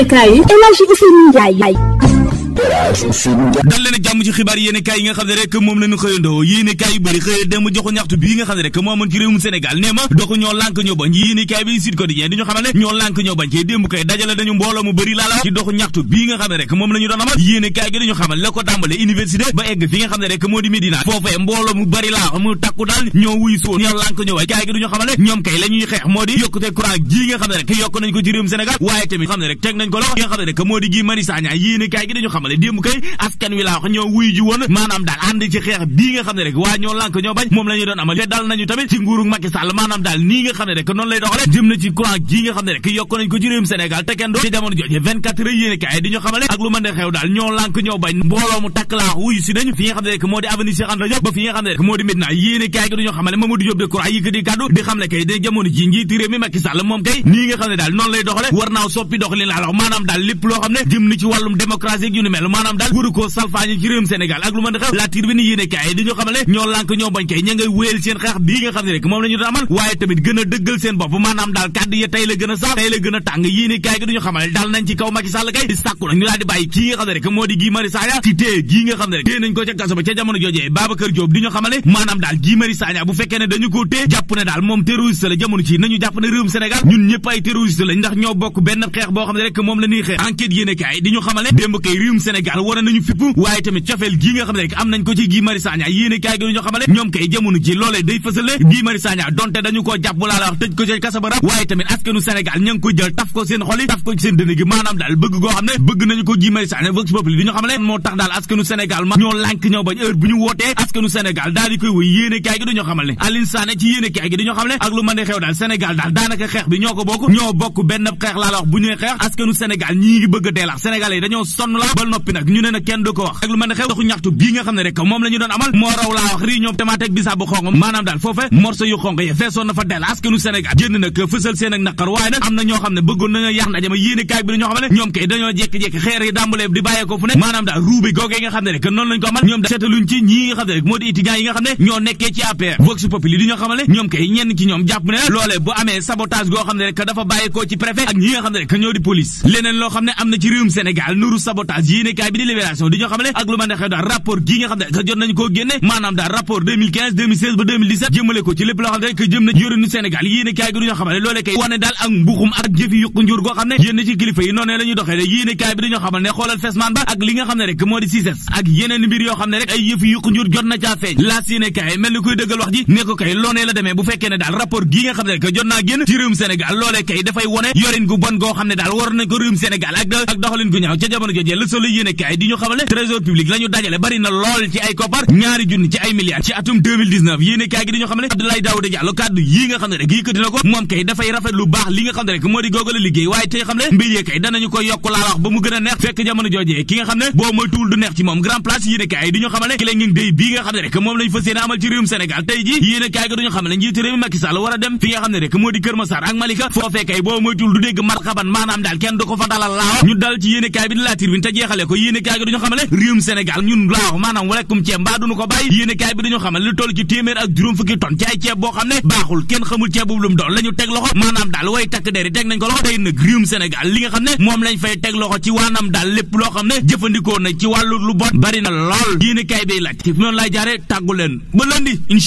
yéenekaay yi El Hadji Ousseynou dal leen jàmm ci xibaar yéene kaay yi nga xam ne rek moom lañu xëyandoo yéene kaay yu bëri dem joxu ñaxtu bii nga xam ne rek moom la doon amal yéene kaay gi dañu xamal la ko tàmbale université ba egg fi nga xam ne rek moo di Médina foofee mbooloo mu bëri laa mu takku daal ñoo wuy soo ñoo lànk ñoo bañ kaay gi duñu xamal ñoom kay la xeex moo di yokkute courant gi nga xam ne rek yokk nañ ko ci réewum Sénégal waaye tamit xam ne rek démb kay askan wi laa wax ñoo wuy ji woon maanaam daal ànd ci xeex bii nga xam ne rek waa ñoo lànk ñoo bañ moom la doxale di ñu kay di jamono ji njiitu réew mi Macky moom kay nii nga xam ne daal noonu lay doxale war naa soppi doxalin laa wax maanaam daal lépp loo xam ne jëm na ci wàllum démocratie gi ñu mel maanaam daal gii nga xam bu fekkee ne dañu koo téye jàpp ne daal moom terroriste la jamono ci nañu jàpp ne réewum Sénégal ñun ñëpp ay terroriste lañ ndax ñoo bokk benn xeex boo xam ne rek moom la xeex enquête yéene kaay di ñu xamal démb kay réewum Sénégal daal war a nañu fippu waaye tamit cofeel gi nga xam rek am nañ ko ci Guy Marius Sagna yéene kaay gi xamale moo tax daal askanu Sénégal ma ñoo lànk ñoo bañ heure bu ñu wootee askanu Sénégal daal di koy wëy yéene kaay gi dañoo xamal ne ci yéene kaay gi dañoo ak lu mën a xew daal Sénégal daal daanaka xeex bi ñoo ko bokk ñoo bokk benn xeex laa wax bu ñuy xeex askanu Sénégal ñii ngi bëgg a deelax Sénégalais yi dañoo sonn la ba noppi nag ñu ne na kenn du ko wax ak lu mën a xew doxu ñaxtu bii nga xam ne rek moom la ñu doon amal moo raw laa wax rii ñoom tamaate ak bisaab bu xonq maanaam daal foofe morso yu xonq yi feesoon na fa del askanu Sénégal génn nag fësal seen ak naqar waaye nag am na ñoo xam ne bëggoon nañoo yàq ndaje ma yéene kaay bi ñoo xam ne ñoom kay dañoo jekki-jekki xeer yi dàmbalee di bàyyee ko fu ne maanaam daal ruubi googee nga xam ne rek noonu lañ ko amal ñoom daal seetaluñ ci ñi nga xam ne rek moo di étudiants yi nga xam ne ñoo nekkee ci APR Vox Populi di ñoo xamale ñoom kay ñenn ci ñoom jàpp ne loolee bu amee sabotage goo xam ne rek dafa bàyyeekoo ci préfet ak ñi nga xam ne rek ñoo di police leneen loo xam ne am na ci réewum Sénégal nuru sabotage yéene kaay bi di libération daal rapport gi nga xam ne rek jëm la jot naa génn ci réewum Sénégal loolee kay dafay wone yorin gu bon goo xam ne daal war nañ ko réewum Sénégal ak doxalin gu ñaaw ca jamono jojee le solo yéene kaay kaay nga xam ne rek yëkkati na du neex ci moom grand place yéene kaay nga xam ne rek moo di Kër Massar ak Malika foofee kay boo moytuwul du dégg marxaban maanaam daal kenn du ko fa dalal laa ñu dal ci yéene bi di la tribune te jeexale ko yéene yéenekaay gi du ñu xamale réewum Sénégal ñun laaw maanaam walekkum ceeb mbaa duñu ko bàyyi yéenekaay bi dañu xamal lu toll ci téeméer ak juróom fukki ton ci ay ceeb boo xam ne baaxul kenn xamul ceeb boobu lu doon la ñu teg loxo maanaam daal way takk der yi teg nañ ko loxo tey nag réewum Sénégal li nga xam ne moom lañ fay teg loxo ci waanam daal lépp loo xam ne jëfandikoo na ci wàllu lu bon bari na lool yéenekaay bi laaj ci noonu laay jaare tàggu leen ba lundi incha